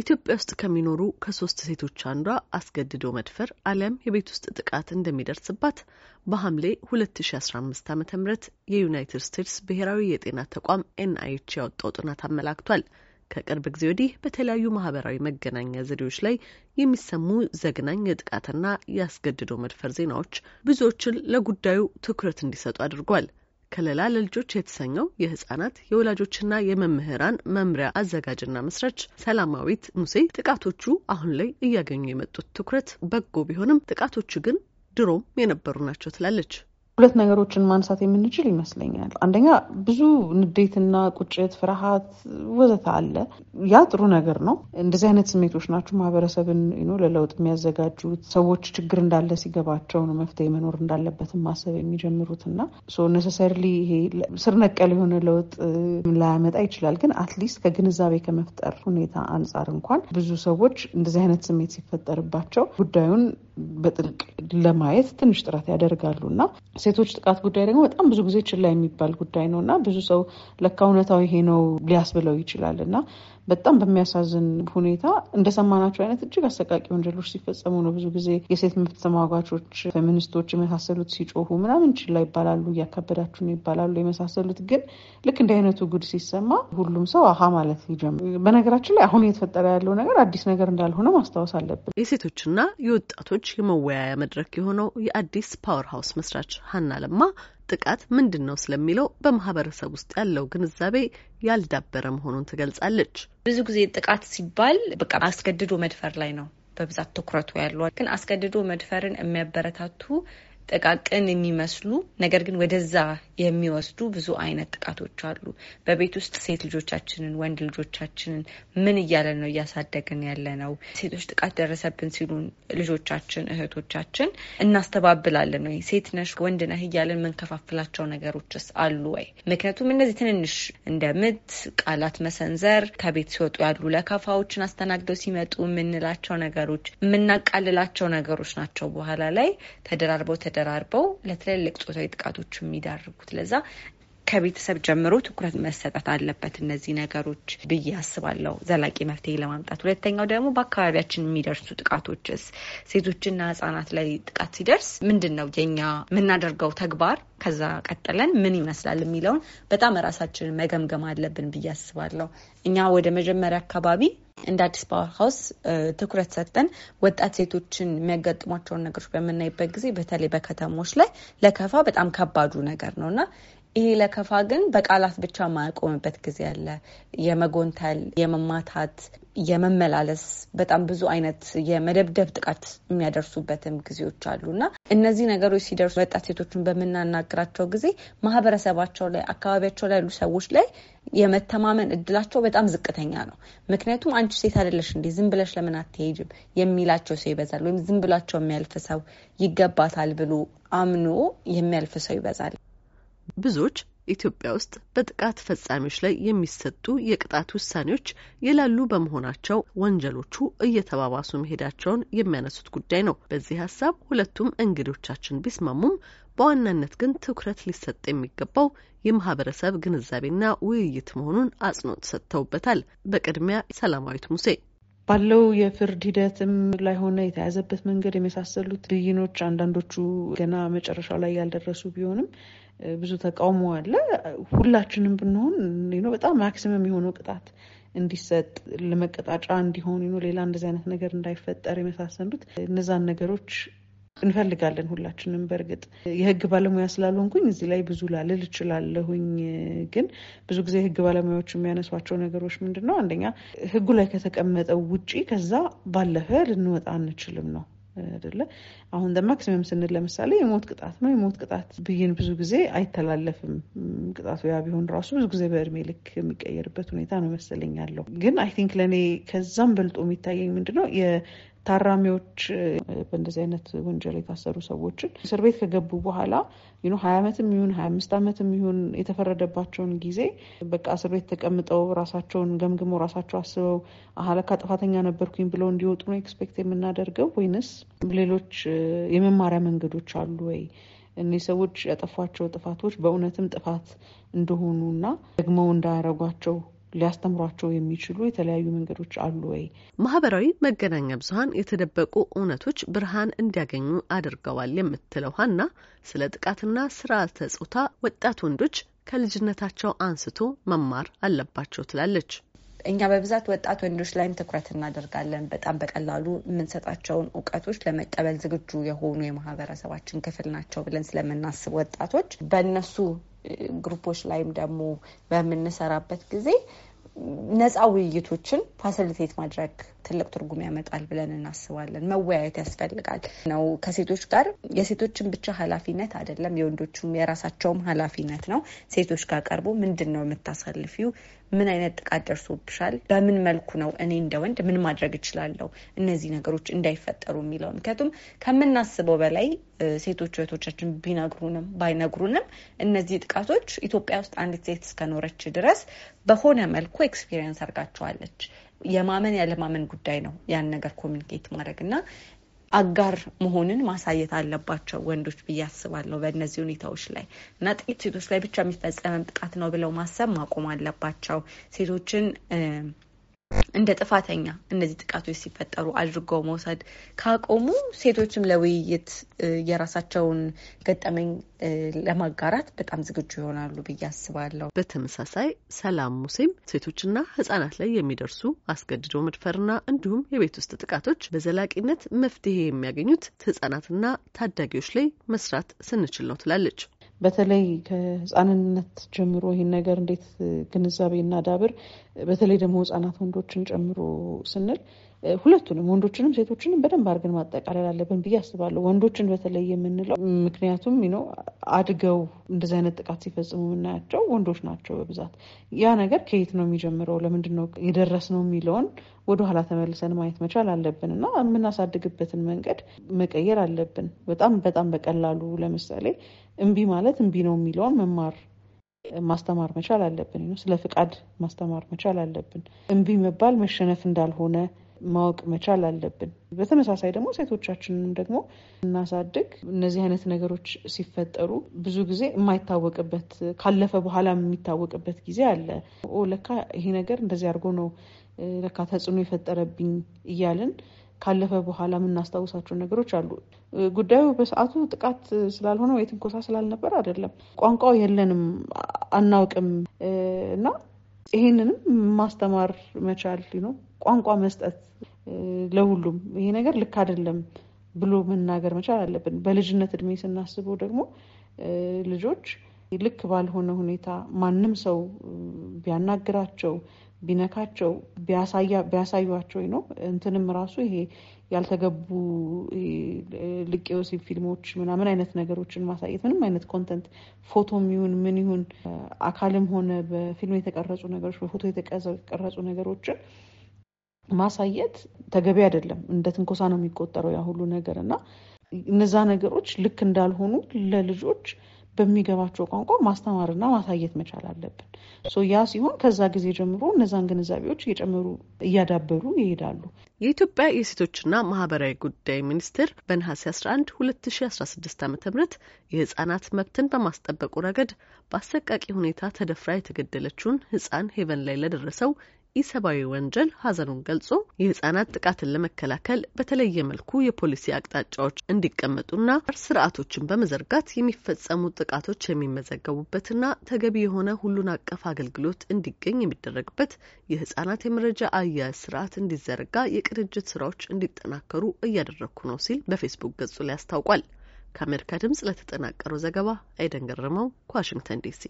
ኢትዮጵያ ውስጥ ከሚኖሩ ከሶስት ሴቶች አንዷ አስገድዶ መድፈር አሊያም የቤት ውስጥ ጥቃት እንደሚደርስባት በሐምሌ 2015 ዓ ም የዩናይትድ ስቴትስ ብሔራዊ የጤና ተቋም ኤንአይች ያወጣው ጥናት አመላክቷል። ከቅርብ ጊዜ ወዲህ በተለያዩ ማህበራዊ መገናኛ ዘዴዎች ላይ የሚሰሙ ዘግናኝ የጥቃትና የአስገድዶ መድፈር ዜናዎች ብዙዎችን ለጉዳዩ ትኩረት እንዲሰጡ አድርጓል። ከለላ ለልጆች የተሰኘው የህጻናት የወላጆችና የመምህራን መምሪያ አዘጋጅና መስራች ሰላማዊት ሙሴ ጥቃቶቹ አሁን ላይ እያገኙ የመጡት ትኩረት በጎ ቢሆንም ጥቃቶቹ ግን ድሮም የነበሩ ናቸው ትላለች። ሁለት ነገሮችን ማንሳት የምንችል ይመስለኛል። አንደኛ ብዙ ንዴትና ቁጭት፣ ፍርሃት ወዘተ አለ። ያ ጥሩ ነገር ነው። እንደዚህ አይነት ስሜቶች ናቸው ማህበረሰብን ለለውጥ የሚያዘጋጁት። ሰዎች ችግር እንዳለ ሲገባቸው ነው መፍትሄ መኖር እንዳለበትን ማሰብ የሚጀምሩት እና ነሰሰርሊ ይሄ ስር ነቀል የሆነ ለውጥ ላያመጣ ይችላል። ግን አትሊስት ከግንዛቤ ከመፍጠር ሁኔታ አንጻር እንኳን ብዙ ሰዎች እንደዚህ አይነት ስሜት ሲፈጠርባቸው ጉዳዩን በጥልቅ ለማየት ትንሽ ጥረት ያደርጋሉ እና ሴቶች ጥቃት ጉዳይ ደግሞ በጣም ብዙ ጊዜ ችላ የሚባል ጉዳይ ነው እና ብዙ ሰው ለካ እውነታው ይሄ ነው ሊያስብለው ይችላል እና በጣም በሚያሳዝን ሁኔታ እንደሰማናቸው አይነት እጅግ አሰቃቂ ወንጀሎች ሲፈጸሙ ነው ብዙ ጊዜ የሴት መብት ተሟጋቾች፣ ፌሚኒስቶች የመሳሰሉት ሲጮሁ ምናምን ችላ ይባላሉ፣ እያከበዳችሁ ነው ይባላሉ የመሳሰሉት። ግን ልክ እንደ አይነቱ ጉድ ሲሰማ ሁሉም ሰው አሀ ማለት ይጀምር። በነገራችን ላይ አሁን እየተፈጠረ ያለው ነገር አዲስ ነገር እንዳልሆነ ማስታወስ አለብን። የሴቶችና የወጣቶች የመወያያ መድረክ የሆነው የአዲስ ፓወር ሀውስ መስራች ሀና ለማ ጥቃት ምንድን ነው ስለሚለው በማህበረሰብ ውስጥ ያለው ግንዛቤ ያልዳበረ መሆኑን ትገልጻለች። ብዙ ጊዜ ጥቃት ሲባል በቃ አስገድዶ መድፈር ላይ ነው በብዛት ትኩረቱ ያለዋል። ግን አስገድዶ መድፈርን የሚያበረታቱ ጥቃቅን የሚመስሉ ነገር ግን ወደዛ የሚወስዱ ብዙ አይነት ጥቃቶች አሉ። በቤት ውስጥ ሴት ልጆቻችንን፣ ወንድ ልጆቻችንን ምን እያለን ነው እያሳደግን ያለ ነው? ሴቶች ጥቃት ደረሰብን ሲሉን ልጆቻችን፣ እህቶቻችን እናስተባብላለን ወይ? ሴት ነሽ ወንድ ነህ እያለን የምንከፋፍላቸው ነገሮችስ አሉ ወይ? ምክንያቱም እነዚህ ትንንሽ እንደ ምት፣ ቃላት መሰንዘር፣ ከቤት ሲወጡ ያሉ ለከፋዎችን አስተናግደው ሲመጡ የምንላቸው ነገሮች፣ የምናቃልላቸው ነገሮች ናቸው በኋላ ላይ ተደራርበው ተደራርበው ለትልልቅ ጾታዊ ጥቃቶች የሚዳርጉት ለዛ ከቤተሰብ ጀምሮ ትኩረት መሰጠት አለበት እነዚህ ነገሮች ብዬ አስባለሁ ዘላቂ መፍትሄ ለማምጣት። ሁለተኛው ደግሞ በአካባቢያችን የሚደርሱ ጥቃቶችስ ሴቶችና ህጻናት ላይ ጥቃት ሲደርስ ምንድን ነው የኛ የምናደርገው ተግባር ከዛ ቀጥለን ምን ይመስላል የሚለውን በጣም ራሳችንን መገምገም አለብን ብዬ አስባለሁ። እኛ ወደ መጀመሪያ አካባቢ እንደ አዲስ ፓወር ሀውስ ትኩረት ሰጠን ወጣት ሴቶችን የሚያጋጥሟቸውን ነገሮች በምናይበት ጊዜ በተለይ በከተሞች ላይ ለከፋ በጣም ከባዱ ነገር ነው እና ይሄ ለከፋ ግን በቃላት ብቻ የማያቆምበት ጊዜ አለ። የመጎንተል፣ የመማታት፣ የመመላለስ በጣም ብዙ አይነት የመደብደብ ጥቃት የሚያደርሱበትም ጊዜዎች አሉ እና እነዚህ ነገሮች ሲደርሱ ወጣት ሴቶችን በምናናግራቸው ጊዜ ማህበረሰባቸው ላይ፣ አካባቢያቸው ላይ ያሉ ሰዎች ላይ የመተማመን እድላቸው በጣም ዝቅተኛ ነው። ምክንያቱም አንቺ ሴት አይደለሽ እንዴ ዝም ብለሽ ለምን አትሄጅም የሚላቸው ሰው ይበዛል። ወይም ዝም ብላቸው የሚያልፍ ሰው ይገባታል ብሎ አምኖ የሚያልፍ ሰው ይበዛል። ብዙዎች ኢትዮጵያ ውስጥ በጥቃት ፈጻሚዎች ላይ የሚሰጡ የቅጣት ውሳኔዎች የላሉ በመሆናቸው ወንጀሎቹ እየተባባሱ መሄዳቸውን የሚያነሱት ጉዳይ ነው። በዚህ ሀሳብ ሁለቱም እንግዶቻችን ቢስማሙም በዋናነት ግን ትኩረት ሊሰጥ የሚገባው የማህበረሰብ ግንዛቤና ውይይት መሆኑን አጽንኦት ሰጥተውበታል። በቅድሚያ ሰላማዊት ሙሴ ባለው የፍርድ ሂደትም ላይ ሆነ የተያዘበት መንገድ የመሳሰሉት ብይኖች አንዳንዶቹ ገና መጨረሻው ላይ ያልደረሱ ቢሆንም ብዙ ተቃውሞ አለ። ሁላችንም ብንሆን በጣም ማክሲመም የሆነው ቅጣት እንዲሰጥ ለመቀጣጫ እንዲሆን ሌላ እንደዚህ አይነት ነገር እንዳይፈጠር የመሳሰሉት እነዛን ነገሮች እንፈልጋለን ሁላችንም። በእርግጥ የህግ ባለሙያ ስላልሆንኩኝ እዚህ ላይ ብዙ ላልል እችላለሁኝ። ግን ብዙ ጊዜ የህግ ባለሙያዎች የሚያነሷቸው ነገሮች ምንድን ነው? አንደኛ ህጉ ላይ ከተቀመጠው ውጪ ከዛ ባለፈ ልንወጣ አንችልም ነው አይደለ? አሁን ማክሲመም ስንል ለምሳሌ የሞት ቅጣት ነው። የሞት ቅጣት ብይን ብዙ ጊዜ አይተላለፍም። ቅጣቱ ያ ቢሆን ራሱ ብዙ ጊዜ በእድሜ ልክ የሚቀየርበት ሁኔታ ነው መሰለኝ ያለው። ግን አይ ቲንክ ለእኔ ከዛም በልጦ የሚታየኝ ምንድነው ታራሚዎች በእንደዚህ አይነት ወንጀል የታሰሩ ሰዎችን እስር ቤት ከገቡ በኋላ ሀያ ዓመትም ይሁን ሀያ አምስት ዓመትም ይሁን የተፈረደባቸውን ጊዜ በቃ እስር ቤት ተቀምጠው ራሳቸውን ገምግመው ራሳቸው አስበው አለካ ጥፋተኛ ነበርኩኝ ብለው እንዲወጡ ነው ኤክስፔክት የምናደርገው ወይንስ ሌሎች የመማሪያ መንገዶች አሉ ወይ? እኔ ሰዎች ያጠፏቸው ጥፋቶች በእውነትም ጥፋት እንደሆኑና ደግመው እንዳያረጓቸው ሊያስተምሯቸው የሚችሉ የተለያዩ መንገዶች አሉ ወይ? ማህበራዊ መገናኛ ብዙሀን የተደበቁ እውነቶች ብርሃን እንዲያገኙ አድርገዋል የምትለው ሀና ስለ ጥቃትና ስርዓተ ጾታ ወጣት ወንዶች ከልጅነታቸው አንስቶ መማር አለባቸው ትላለች። እኛ በብዛት ወጣት ወንዶች ላይም ትኩረት እናደርጋለን። በጣም በቀላሉ የምንሰጣቸውን እውቀቶች ለመቀበል ዝግጁ የሆኑ የማህበረሰባችን ክፍል ናቸው ብለን ስለምናስብ ወጣቶች በእነሱ ግሩፖች ላይም ደግሞ በምንሰራበት ጊዜ ነፃ ውይይቶችን ፋሲሊቴት ማድረግ ትልቅ ትርጉም ያመጣል ብለን እናስባለን። መወያየት ያስፈልጋል ነው ከሴቶች ጋር የሴቶችን ብቻ ኃላፊነት አይደለም፣ የወንዶችም የራሳቸውም ኃላፊነት ነው። ሴቶች ጋር ቀርቦ ምንድን ነው የምታሳልፊው ምን አይነት ጥቃት ደርሶብሻል? በምን መልኩ ነው እኔ እንደ ወንድ ምን ማድረግ እችላለሁ እነዚህ ነገሮች እንዳይፈጠሩ የሚለው ምክንያቱም ከምናስበው በላይ ሴቶች እህቶቻችን ቢነግሩንም ባይነግሩንም እነዚህ ጥቃቶች ኢትዮጵያ ውስጥ አንዲት ሴት እስከኖረች ድረስ በሆነ መልኩ ኤክስፒሪየንስ አድርጋቸዋለች። የማመን ያለማመን ጉዳይ ነው ያን ነገር ኮሚኒኬት ማድረግ እና አጋር መሆንን ማሳየት አለባቸው ወንዶች ብዬ አስባለሁ። በእነዚህ ሁኔታዎች ላይ እና ጥቂት ሴቶች ላይ ብቻ የሚፈጸመን ጥቃት ነው ብለው ማሰብ ማቆም አለባቸው። ሴቶችን እንደ ጥፋተኛ እነዚህ ጥቃቶች ሲፈጠሩ አድርገው መውሰድ ካቆሙ ሴቶችም ለውይይት የራሳቸውን ገጠመኝ ለማጋራት በጣም ዝግጁ ይሆናሉ ብዬ አስባለሁ። በተመሳሳይ ሰላም ሙሴም ሴቶችና ሕጻናት ላይ የሚደርሱ አስገድዶ መድፈርና እንዲሁም የቤት ውስጥ ጥቃቶች በዘላቂነት መፍትሄ የሚያገኙት ሕጻናትና ታዳጊዎች ላይ መስራት ስንችል ነው ትላለች። በተለይ ከህፃንነት ጀምሮ ይህን ነገር እንዴት ግንዛቤ እናዳብር፣ በተለይ ደግሞ ህፃናት ወንዶችን ጨምሮ ስንል ሁለቱንም ወንዶችንም ሴቶችንም በደንብ አድርገን ማጠቃለል አለብን ብዬ አስባለሁ። ወንዶችን በተለይ የምንለው ምክንያቱም ነው አድገው እንደዚህ አይነት ጥቃት ሲፈጽሙ የምናያቸው ወንዶች ናቸው በብዛት። ያ ነገር ከየት ነው የሚጀምረው? ለምንድን ነው የደረስ ነው የሚለውን ወደ ኋላ ተመልሰን ማየት መቻል አለብን እና የምናሳድግበትን መንገድ መቀየር አለብን። በጣም በጣም በቀላሉ ለምሳሌ እምቢ ማለት እምቢ ነው የሚለውን መማር ማስተማር መቻል አለብን። ስለ ፍቃድ ማስተማር መቻል አለብን። እምቢ መባል መሸነፍ እንዳልሆነ ማወቅ መቻል አለብን። በተመሳሳይ ደግሞ ሴቶቻችንን ደግሞ እናሳድግ። እነዚህ አይነት ነገሮች ሲፈጠሩ ብዙ ጊዜ የማይታወቅበት ካለፈ በኋላ የሚታወቅበት ጊዜ አለ። ኦ ለካ ይሄ ነገር እንደዚህ አድርጎ ነው ለካ ተጽዕኖ የፈጠረብኝ እያልን ካለፈ በኋላ የምናስታውሳቸው ነገሮች አሉ። ጉዳዩ በሰዓቱ ጥቃት ስላልሆነ ወይ ትንኮሳ ስላልነበር አይደለም። ቋንቋው የለንም፣ አናውቅም እና ይሄንንም ማስተማር መቻል ነው። ቋንቋ መስጠት ለሁሉም ይሄ ነገር ልክ አይደለም ብሎ መናገር መቻል አለብን። በልጅነት እድሜ ስናስበው ደግሞ ልጆች ልክ ባልሆነ ሁኔታ ማንም ሰው ቢያናግራቸው ቢነካቸው ቢያሳዩቸው ነው። እንትንም ራሱ ይሄ ያልተገቡ ልቅ ወሲብ ፊልሞች ምናምን አይነት ነገሮችን ማሳየት ምንም አይነት ኮንተንት ፎቶም ይሁን ምን ይሁን አካልም ሆነ በፊልም የተቀረጹ ነገሮች በፎቶ የተቀረጹ ነገሮችን ማሳየት ተገቢ አይደለም። እንደ ትንኮሳ ነው የሚቆጠረው ያ ሁሉ ነገር እና እነዛ ነገሮች ልክ እንዳልሆኑ ለልጆች በሚገባቸው ቋንቋ ማስተማርና ማሳየት መቻል አለብን። ያ ሲሆን ከዛ ጊዜ ጀምሮ እነዛን ግንዛቤዎች እየጨመሩ እያዳበሩ ይሄዳሉ። የኢትዮጵያ የሴቶችና ማህበራዊ ጉዳይ ሚኒስቴር በነሐሴ 11 2016 ዓ ም የህጻናት መብትን በማስጠበቁ ረገድ በአሰቃቂ ሁኔታ ተደፍራ የተገደለችውን ህጻን ሄቨን ላይ ለደረሰው ኢሰብአዊ ወንጀል ሀዘኑን ገልጾ የህጻናት ጥቃትን ለመከላከል በተለየ መልኩ የፖሊሲ አቅጣጫዎች እንዲቀመጡና ስርዓቶችን በመዘርጋት የሚፈጸሙ ጥቃቶች የሚመዘገቡበትና ተገቢ የሆነ ሁሉን አቀፍ አገልግሎት እንዲገኝ የሚደረግበት የህጻናት የመረጃ አያያዝ ስርዓት እንዲዘረጋ የቅንጅት ስራዎች እንዲጠናከሩ እያደረግኩ ነው ሲል በፌስቡክ ገጹ ላይ አስታውቋል። ከአሜሪካ ድምጽ ለተጠናቀረው ዘገባ አይደን ገረመው ከዋሽንግተን ዲሲ